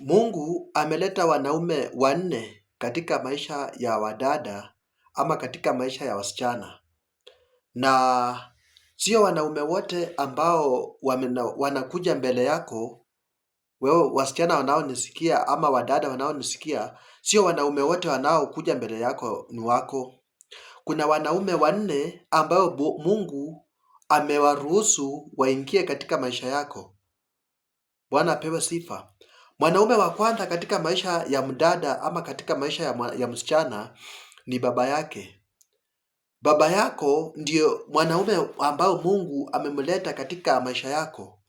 Mungu ameleta wanaume wanne katika maisha ya wadada ama katika maisha ya wasichana na sio wanaume wote ambao wanakuja mbele yako wewe wasichana wanaonisikia ama wadada wanaonisikia, sio wanaume wote wanaokuja mbele yako ni wako. Kuna wanaume wanne ambao Mungu amewaruhusu waingie katika maisha yako. Bwana apewe sifa. Mwanaume wa kwanza katika maisha ya mdada ama katika maisha ya, ya msichana ni baba yake. Baba yako ndiyo mwanaume ambao Mungu amemleta katika maisha yako,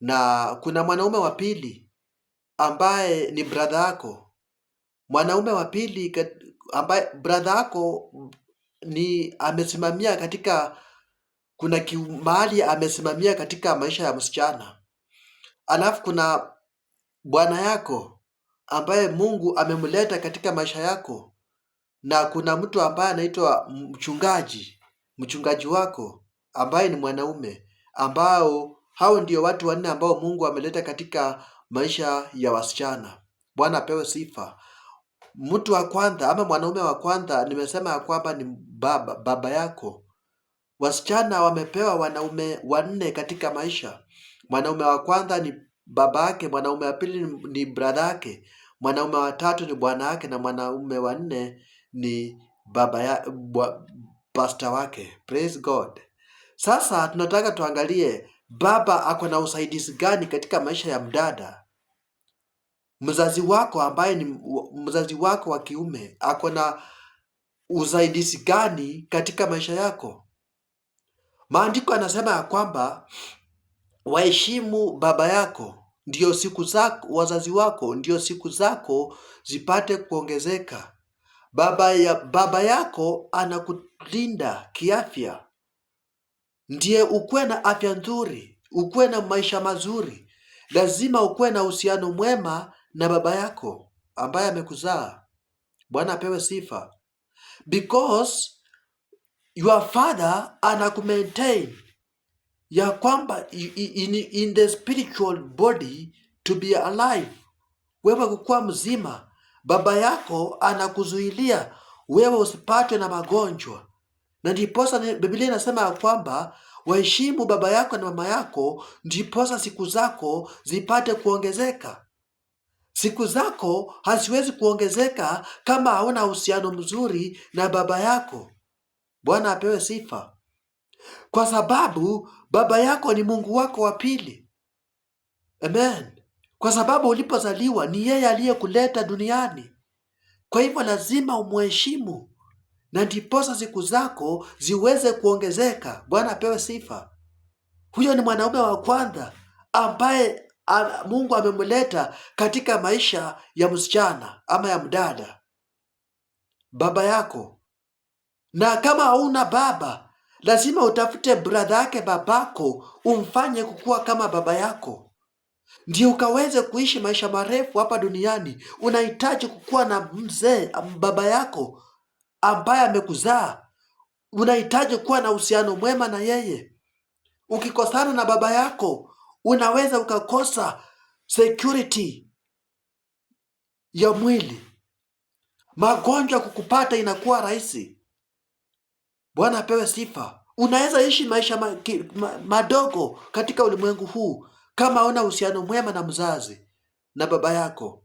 na kuna mwanaume wa pili ambaye ni brother yako. Mwanaume wa pili ambaye brother yako ni amesimamia katika kuna mahali amesimamia katika maisha ya msichana, alafu kuna Bwana yako ambaye Mungu amemleta katika maisha yako, na kuna mtu ambaye anaitwa mchungaji, mchungaji wako ambaye ni mwanaume, ambao hao ndio watu wanne ambao Mungu ameleta katika maisha ya wasichana. Bwana apewe sifa. Mtu wa kwanza ama mwanaume wa kwanza nimesema ya kwamba ni baba, baba yako. Wasichana wamepewa wanaume wanne katika maisha. Mwanaume wa kwanza ni baba yake, mwanaume wa pili ni yake mwanaume wa tatu ni bwanawake na mwanaume wa nne ni baba ya, bwa, pastor wake. Praise God. Sasa tunataka tuangalie baba ako na usaidizi gani katika maisha ya mdada. Mzazi wako ambaye ni mzazi wako wa kiume ako na usaidizi gani katika maisha yako? Maandiko anasema ya kwamba waheshimu baba yako ndio siku zako, wazazi wako ndio siku zako zipate kuongezeka. Baba, ya, baba yako anakulinda kiafya, ndiye ukuwe na afya nzuri, ukuwe na maisha mazuri. Lazima ukuwe na uhusiano mwema na baba yako ambaye amekuzaa. Bwana apewe sifa because your father anakumaintain ya kwamba in, in the spiritual body to be alive, wewe kukuwa mzima, baba yako anakuzuilia wewe usipatwe na magonjwa, na ndiposa Biblia inasema ya kwamba waheshimu baba yako na mama yako, ndiposa siku zako zipate kuongezeka. Siku zako haziwezi kuongezeka kama hauna uhusiano mzuri na baba yako. Bwana apewe sifa kwa sababu baba yako ni Mungu wako wa pili. Amen. Kwa sababu ulipozaliwa ni yeye aliyekuleta duniani, kwa hivyo lazima umuheshimu na ndiposa siku zako ziweze kuongezeka. Bwana apewe sifa. Huyo ni mwanaume wa kwanza ambaye Mungu amemleta katika maisha ya msichana ama ya mdada, baba yako. Na kama hauna baba Lazima utafute bradha yake babako, umfanye kukua kama baba yako, ndio ukaweze kuishi maisha marefu hapa duniani. Unahitaji kukua na mzee baba yako ambaye amekuzaa. Unahitaji kuwa na uhusiano mwema na yeye. Ukikosana na baba yako, unaweza ukakosa security ya mwili, magonjwa kukupata inakuwa rahisi. Bwana apewe sifa. Unaweza ishi maisha ma, ki, ma, madogo katika ulimwengu huu kama una uhusiano mwema na mzazi na baba yako.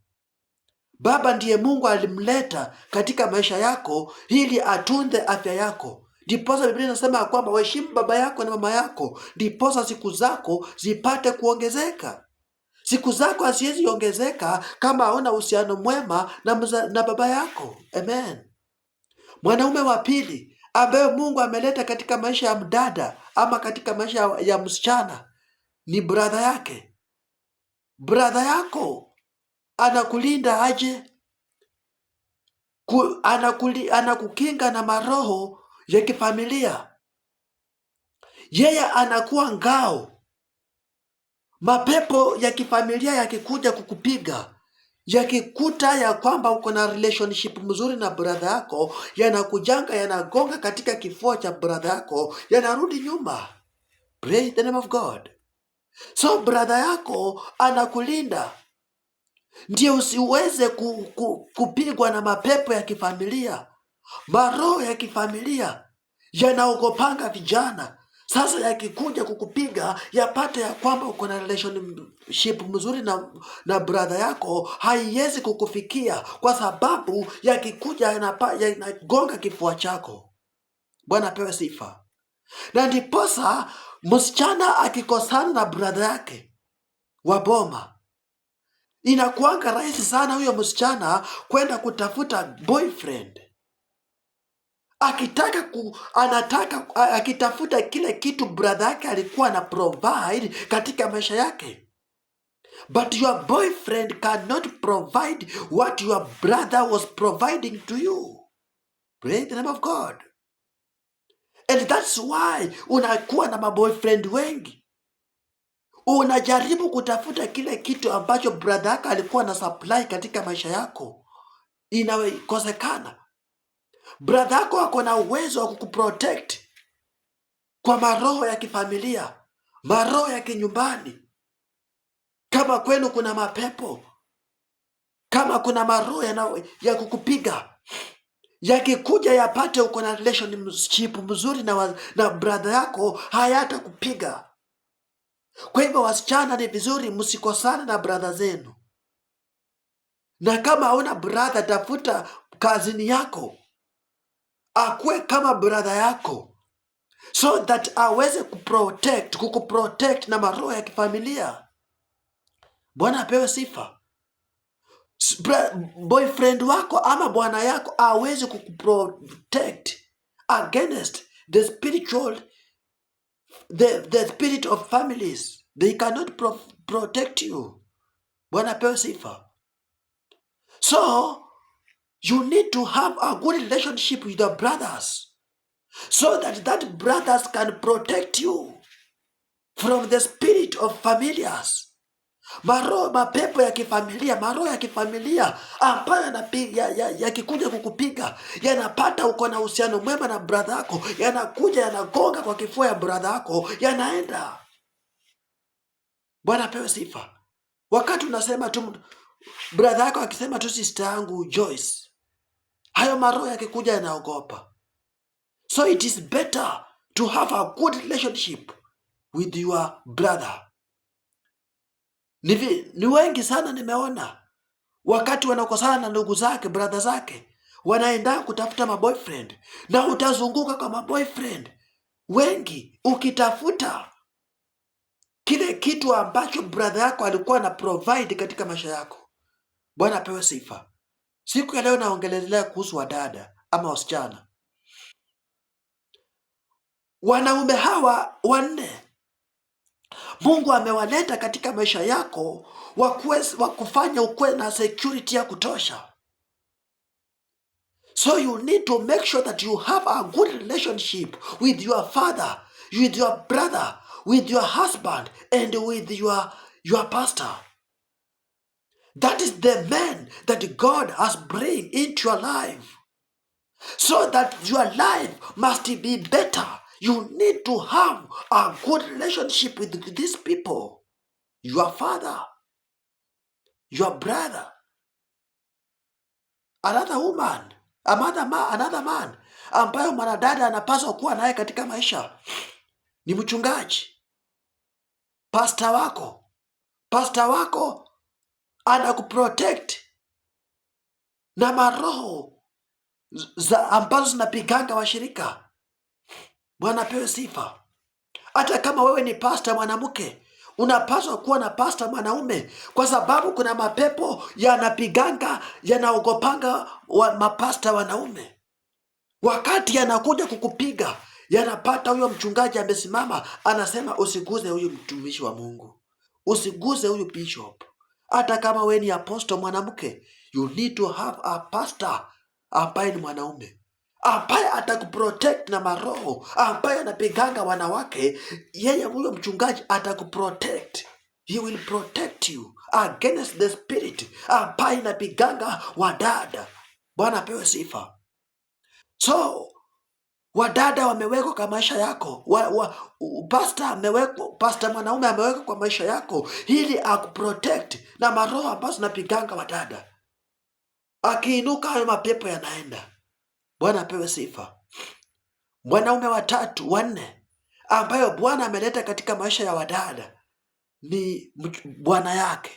Baba ndiye Mungu alimleta katika maisha yako ili atunze afya yako. Ndiposa Biblia inasema ya kwamba waheshimu baba yako na mama yako, ndiposa siku zako zipate kuongezeka. Siku zako haziwezi ongezeka kama hauna uhusiano mwema na, mza, na baba yako. Amen. Mwanaume wa pili ambayo Mungu ameleta katika maisha ya mdada ama katika maisha ya msichana ni bradha yake. Bradha yako anakulinda aje? Ku, anakuli, anakukinga na maroho ya kifamilia. Yeye anakuwa ngao. Mapepo ya kifamilia yakikuja kukupiga, yakikuta ya kwamba uko na relationship mzuri na brother yako, yanakujanga yanagonga katika kifua cha brother yako, yanarudi nyuma. Praise the name of God. So brother yako anakulinda ndio usiweze ku, ku, kupigwa na mapepo ya kifamilia, maroho ya kifamilia yanaogopanga vijana sasa yakikuja kukupiga yapate ya kwamba uko na relationship mzuri na, na brother yako haiwezi kukufikia kwa sababu yakikuja yanagonga kifua chako. Bwana apewe sifa. Na ndiposa msichana akikosana na brother yake wa boma, inakuanga rahisi sana huyo msichana kwenda kutafuta boyfriend akitaka ku, anataka akitafuta kile kitu brother yake alikuwa na provide katika maisha yake, but your boyfriend cannot provide what your brother was providing to you. Praise the name of God, and that's why unakuwa na maboyfriend wengi. Unajaribu kutafuta kile kitu ambacho brother yako alikuwa na supply katika maisha yako, inawekosekana Bradha yako ako na uwezo wa kukuprotect kwa maroho ya kifamilia, maroho ya kinyumbani. Kama kwenu kuna mapepo, kama kuna maroho ya, ya kukupiga yakikuja yapate uko na relationship mzuri na, na bradha yako hayata kupiga Kwa hivyo, wasichana, ni vizuri msikosane na bradha zenu, na kama hauna bradha, tafuta kazini yako akuwe kama brother yako so that aweze kuprotect kukuprotect na maroho ya kifamilia. Bwana apewe sifa. Boyfriend wako ama bwana yako aweze kukuprotect against the spiritual the, the spirit of families they cannot pro protect you. Bwana apewe sifa. So You need to have a good relationship with your brothers so that that brothers can protect you from the spirit of familiars maroho mapepo ya kifamilia maroho ya kifamilia ambayo yakikuja ya, ya kukupiga yanapata uko na uhusiano mwema na bradha yako yanakuja yanagonga kwa kifua ya bradha yako yanaenda bwana pewe sifa wakati unasema tu bradha yako akisema tu sister yangu Joyce hayo maroho yakikuja yanaogopa. So it is better to have a good relationship with your brother. Ni, ni wengi sana nimeona wakati wanakosana na ndugu zake brother zake wanaenda kutafuta maboyfriend, na utazunguka kwa maboyfriend wengi ukitafuta kile kitu ambacho brother yako alikuwa na provide katika maisha yako. Bwana apewe sifa. Siku ya leo naongelelea kuhusu wadada ama wasichana. Wanaume hawa wanne Mungu amewaleta katika maisha yako wa kufanya ukuwe na security ya kutosha. So you need to make sure that you have a good relationship with your father, with your brother, with your husband and with your, your pastor. That is the man that God has bring into your life. So that your life must be better. You need to have a good relationship with these people. Your father, your brother, another woman, another man, another man ambayo mwanadada anapaswa kuwa naye katika maisha ni mchungaji, pasta wako, pasta wako anakuprotect na maroho za ambazo zinapiganga washirika. Bwana pewe sifa. Hata kama wewe ni pasta mwanamke, unapaswa kuwa na pasta mwanaume, kwa sababu kuna mapepo yanapiganga yanaogopanga wa mapasta wanaume. Wakati yanakuja kukupiga, yanapata huyo mchungaji amesimama, anasema usiguze huyu mtumishi wa Mungu, usiguze huyu bishop. Hata kama wewe ni apostle mwanamke, you need to have a pastor ambaye ni mwanaume ambaye atakuprotect na maroho ambaye anapiganga wanawake. Yeye huyo mchungaji atakuprotect, he will protect you against the spirit ambaye inapiganga wadada. Bwana apewe sifa. So Wadada wamewekwa kwa maisha yako wa, wa, pasta amewekwa, pasta mwanaume amewekwa kwa maisha yako ili akuprotect na maroho ambazo zinapiganga wadada. Akiinuka hayo mapepo yanaenda. Bwana apewe sifa. Mwanaume watatu wanne ambayo Bwana ameleta katika maisha ya wadada ni bwana yake.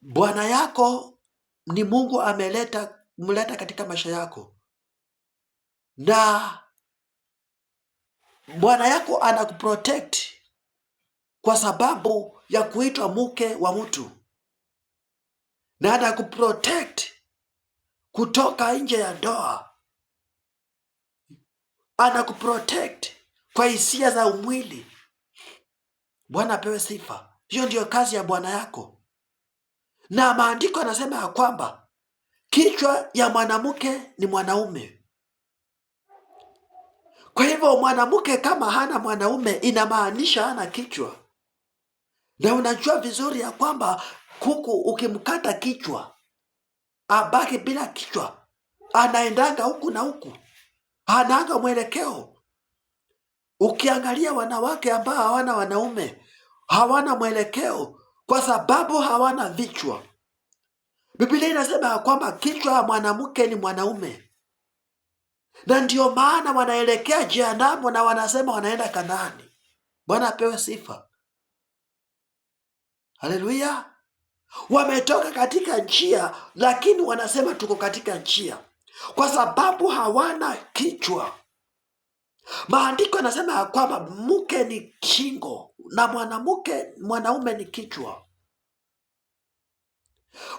Bwana yako ni Mungu ameleta mleta katika maisha yako na bwana yako anakuprotect kwa sababu ya kuitwa mke wa mtu, na anakuprotect kutoka nje ya ndoa, anakuprotect kwa hisia za umwili. Bwana apewe sifa. Hiyo ndiyo kazi ya bwana yako, na maandiko anasema ya kwamba kichwa ya mwanamke ni mwanaume. Kwa hivyo mwanamke kama hana mwanaume inamaanisha hana kichwa, na unajua vizuri ya kwamba kuku ukimkata kichwa abaki bila kichwa, anaendanga huku na huku, anaanga mwelekeo. Ukiangalia wanawake ambao hawana wanaume hawana mwelekeo, kwa sababu hawana vichwa. Biblia inasema ya kwamba kichwa ya mwanamke ni mwanaume na ndio maana wanaelekea jehanamu na wanasema wanaenda Kanaani. Bwana apewe sifa, haleluya. Wametoka katika njia, lakini wanasema tuko katika njia, kwa sababu hawana kichwa. Maandiko yanasema ya kwamba mke ni shingo na mwanamke mwanaume ni kichwa.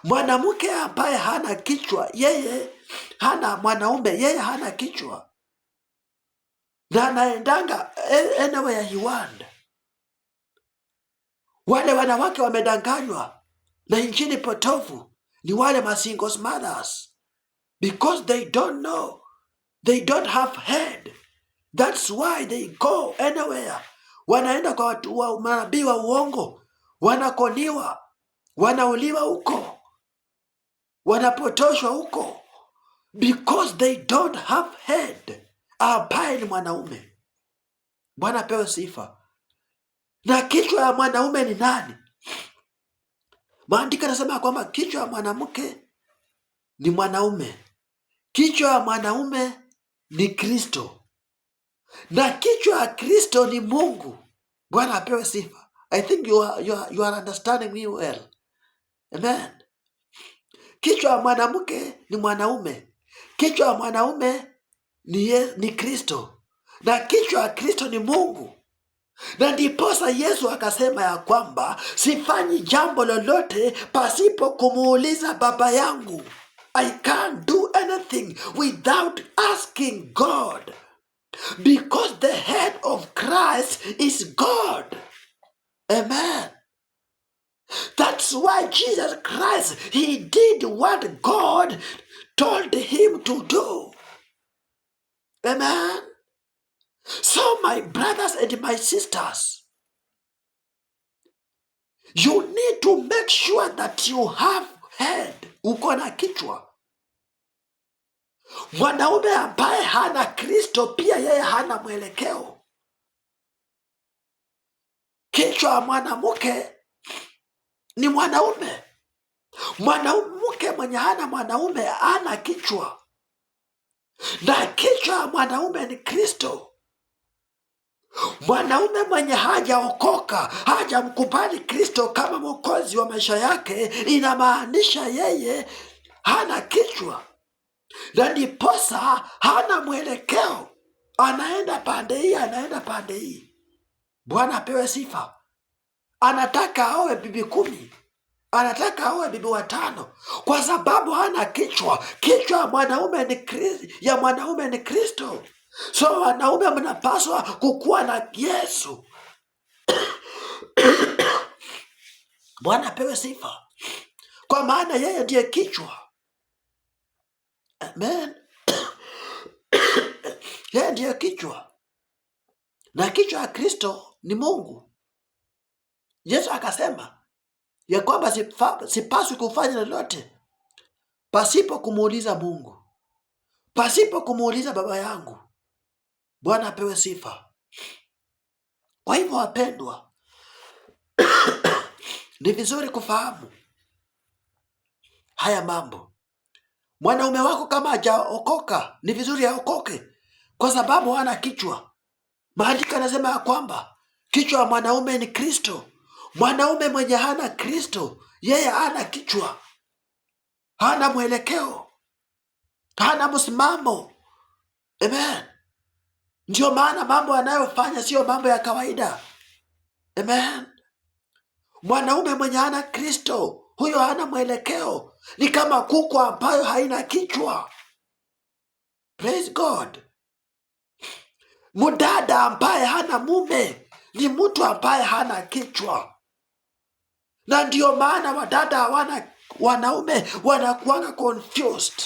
Mwanamke ambaye hana kichwa, yeye hana mwanaume, yeye hana kichwa na anaendanga enewe ya hiwanda. Wale wanawake wamedanganywa na injini potofu ni wale masingles mothers because they don't know, they don't have head. That's why they go anywhere, wanaenda kwa watu wa manabii wa uongo, wanakoniwa, wanauliwa huko, wanapotoshwa huko because they don't have head, ambaye ah, ni mwanaume. Bwana apewe sifa. Na kichwa ya mwanaume ni nani? Maandiko yanasema kwamba kichwa ya mwanamke ni mwanaume, kichwa ya mwanaume ni Kristo, na kichwa ya Kristo ni Mungu. Bwana apewe sifa. I think you are, you are, you are understanding me well. Amen. Kichwa ya mwanamke ni mwanaume, Kichwa ya mwanaume ni, ye, ni Kristo na kichwa ya Kristo ni Mungu, na ndiposa Yesu akasema ya kwamba sifanyi jambo lolote pasipo kumuuliza Baba yangu. I can't do anything without asking God because the head of Christ is God. Amen. That's why Jesus Christ, he did what God told him to do. Amen. So, my brothers and my sisters, you need to make sure that you have head, uko na kichwa. Mwanaume ambaye hana Kristo pia yeye hana mwelekeo. Kichwa ya mwanamke ni mwanaume. Mwanamke mwenye hana mwanaume ana kichwa, na kichwa ya mwanaume ni Kristo. Mwanaume mwenye hajaokoka hajamkubali Kristo kama mwokozi wa maisha yake, inamaanisha yeye hana kichwa, na ndiposa hana mwelekeo, anaenda pande hii, anaenda pande hii. Bwana apewe sifa. Anataka awe bibi kumi anataka awe bibi watano kwa sababu hana kichwa. Kichwa ya mwanaume ni Kristo, ya mwanaume ni Kristo. So wanaume mnapaswa kukuwa na Yesu. Bwana apewe sifa, kwa maana yeye ndiye kichwa. Amen. yeye ndiye kichwa, na kichwa ya Kristo ni Mungu. Yesu akasema ya kwamba sipaswi kufanya lolote pasipo kumuuliza Mungu, pasipo kumuuliza baba yangu. Bwana apewe sifa. Kwa hivyo, wapendwa, ni vizuri kufahamu haya mambo. Mwanaume wako kama hajaokoka, ni vizuri aokoke, kwa sababu hana kichwa. Maandiko anasema ya kwamba kichwa ya mwanaume ni Kristo. Mwanaume mwenye hana Kristo, yeye hana kichwa, hana mwelekeo, hana msimamo. Amen. maana mambo anayofanya siyo mambo ya kawaida. Amen. Mwanaume mwenye hana Kristo, huyo hana mwelekeo, ni kama kuku ambayo haina kichwa. Praise God. Mudada ambaye hana mume ni mtu ambaye hana kichwa na ndio maana wadada hawana wanaume wanakuanga confused,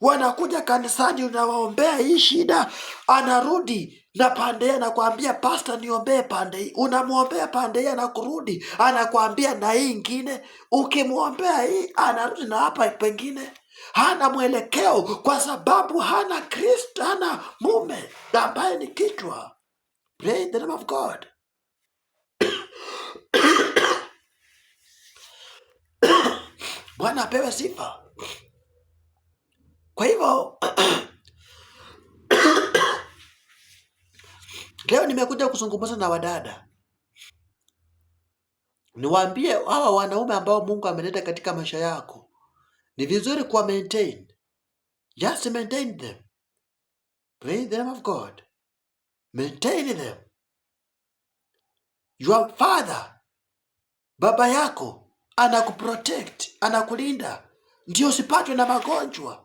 wanakuja kanisani, unawaombea hii shida, anarudi na pande hii anakuambia pasta, niombee pande hii. Unamwombea pande hii, anakurudi anakuambia na hii ingine. Ukimwombea hii, anarudi na hapa pengine. Hana mwelekeo kwa sababu hana Kristo, hana mume ambaye ni kichwa. Pray in the name of God Bwana apewe sifa. Kwa hivyo leo nimekuja kuzungumza na wadada, niwaambie hawa wanaume ambao Mungu ameleta katika maisha yako, ni vizuri kuwa maintain. Just maintain them. Pray the name of God. Maintain them. Your father, baba yako anakuprotect, anakulinda ndio usipatwe na magonjwa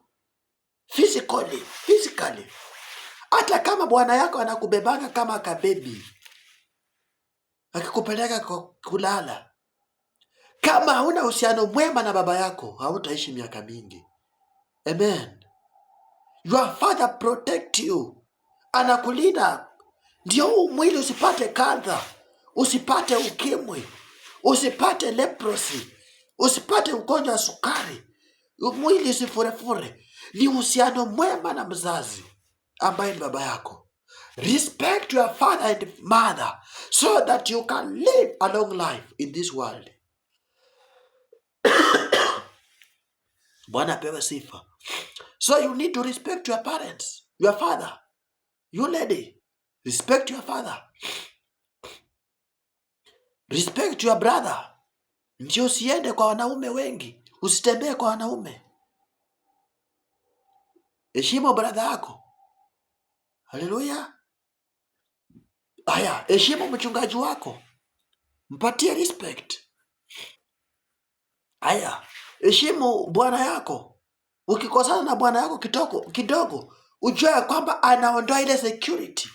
physically, physically. Hata kama bwana yako anakubebanga kama kabebi akikupeleka kulala, kama hauna uhusiano mwema na baba yako hautaishi miaka mingi. Amen. Your father protect you, anakulinda ndio huu mwili usipate kadha, usipate ukimwi usipate leprosy, usipate ugonjwa wa sukari, mwili usifurefure. Ni uhusiano mwema na mzazi ambaye ni baba yako. Respect your father and mother so that you can live a long life in this world. Bwana apewe sifa. So you need to respect your parents, your father. You lady, respect your father respect your brother, ndio usiende kwa wanaume wengi, usitembee kwa wanaume. Heshimu brother yako. Haleluya! Haya, heshimu mchungaji wako, mpatie respect. Haya, heshimu bwana yako. Ukikosana na bwana yako kidogo kidogo, ujue kwamba anaondoa ile security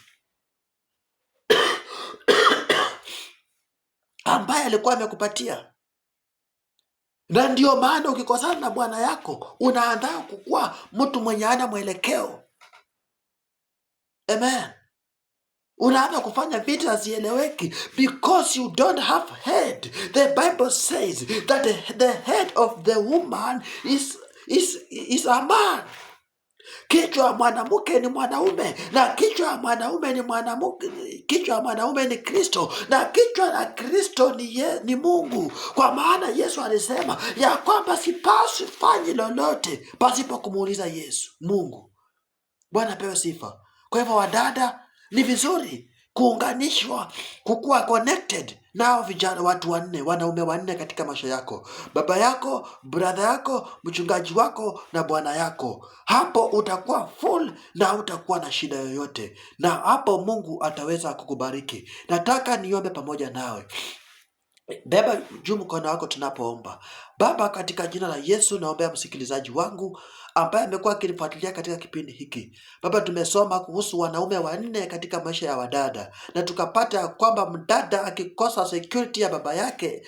ambaye alikuwa amekupatia. Na ndio maana ukikosana na Bwana yako unaandaa kukuwa mtu mwenye ana mwelekeo. Amen. Unaanza kufanya vitu hazieleweki because you don't have head. The Bible says that the head of the woman is, is, is a man. Kichwa ya mwanamke ni mwanaume na kichwa ya mwanaume ni mwanamke, kichwa ya mwanaume ni Kristo na kichwa la Kristo ni, ye, ni Mungu. Kwa maana Yesu alisema ya kwamba sipaswi fanye lolote pasipo kumuuliza Yesu Mungu. Bwana pewe sifa. Kwa hivyo, wadada, ni vizuri kuunganishwa, kukuwa connected nao vijana, watu wanne, wanaume wanne katika maisha yako, baba yako, brother yako, mchungaji wako na bwana yako. Hapo utakuwa full na utakuwa na shida yoyote, na hapo Mungu ataweza kukubariki. Nataka niombe pamoja nawe. Beba juu mkono wako tunapoomba. Baba, katika jina la Yesu naombea msikilizaji wangu ambaye amekuwa akinifuatilia katika kipindi hiki. Baba, tumesoma kuhusu wanaume wanne katika maisha ya wadada na tukapata ya kwamba mdada akikosa security ya baba yake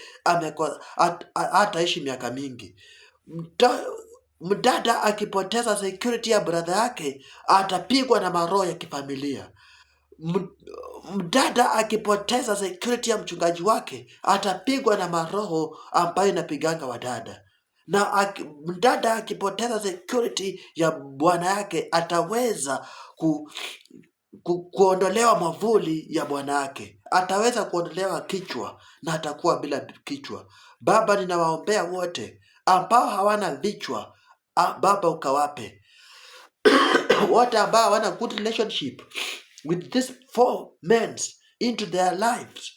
ataishi hataishi miaka mingi. Mda- Mdada akipoteza security ya brother yake atapigwa na maroho ya kifamilia mdada akipoteza security ya mchungaji wake atapigwa na maroho ambayo inapiganga wadada na aki, mdada akipoteza security ya bwana yake ataweza ku, ku, kuondolewa mavuli ya bwana yake, ataweza kuondolewa kichwa na atakuwa bila kichwa. Baba, ninawaombea wote ambao hawana vichwa, Baba ukawape wote ambao hawana good relationship with these four men into their lives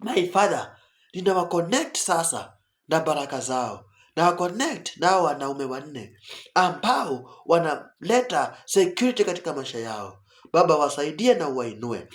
my father ninawa sasa na baraka zao na connect nao wanaume wanne ambao wanaleta security katika maisha yao baba wasaidie na uwainue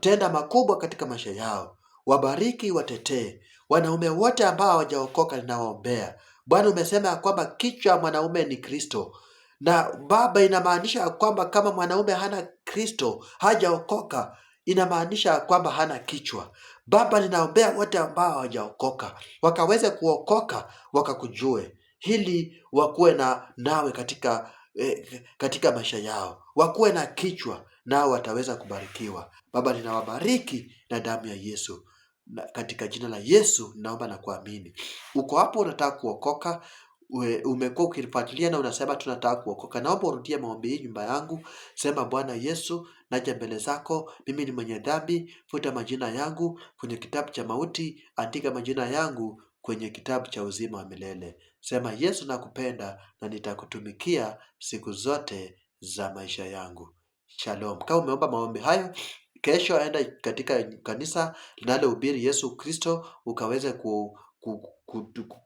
tenda makubwa katika maisha yao wabariki watetee wanaume wote ambao hawajaokoka ninawaombea bwana umesema ya kwamba kichwa mwanaume ni kristo na baba inamaanisha ya kwamba kama mwanaume hana Kristo hajaokoka inamaanisha kwamba hana kichwa. Baba, ninaombea wote ambao hawajaokoka wakaweze kuokoka, wakakujue hili wakuwe na nawe katika eh, katika maisha yao, wakuwe na kichwa nao wataweza kubarikiwa. Baba, ninawabariki na damu ya Yesu na katika jina la Yesu naomba na kuamini. Uko hapo unataka kuokoka, umekuwa ukinifuatilia na unasema tunataka kuokoka. Naomba urudie maombi hii nyumba yangu, sema Bwana Yesu, naja mbele zako, mimi ni mwenye dhambi, futa majina yangu kwenye kitabu cha mauti, andika majina yangu kwenye kitabu cha uzima wa milele. Sema Yesu, nakupenda na nitakutumikia siku zote za maisha yangu. Shalom. Kama umeomba maombi hayo, kesho aenda katika kanisa linalohubiri Yesu Kristo ukaweze ku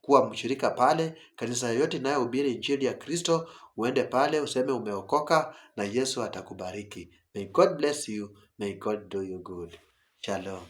kuwa mshirika pale. Kanisa yoyote inayohubiri injili ya Kristo uende pale useme umeokoka na Yesu atakubariki. May God bless you. May God do you good. Shalom.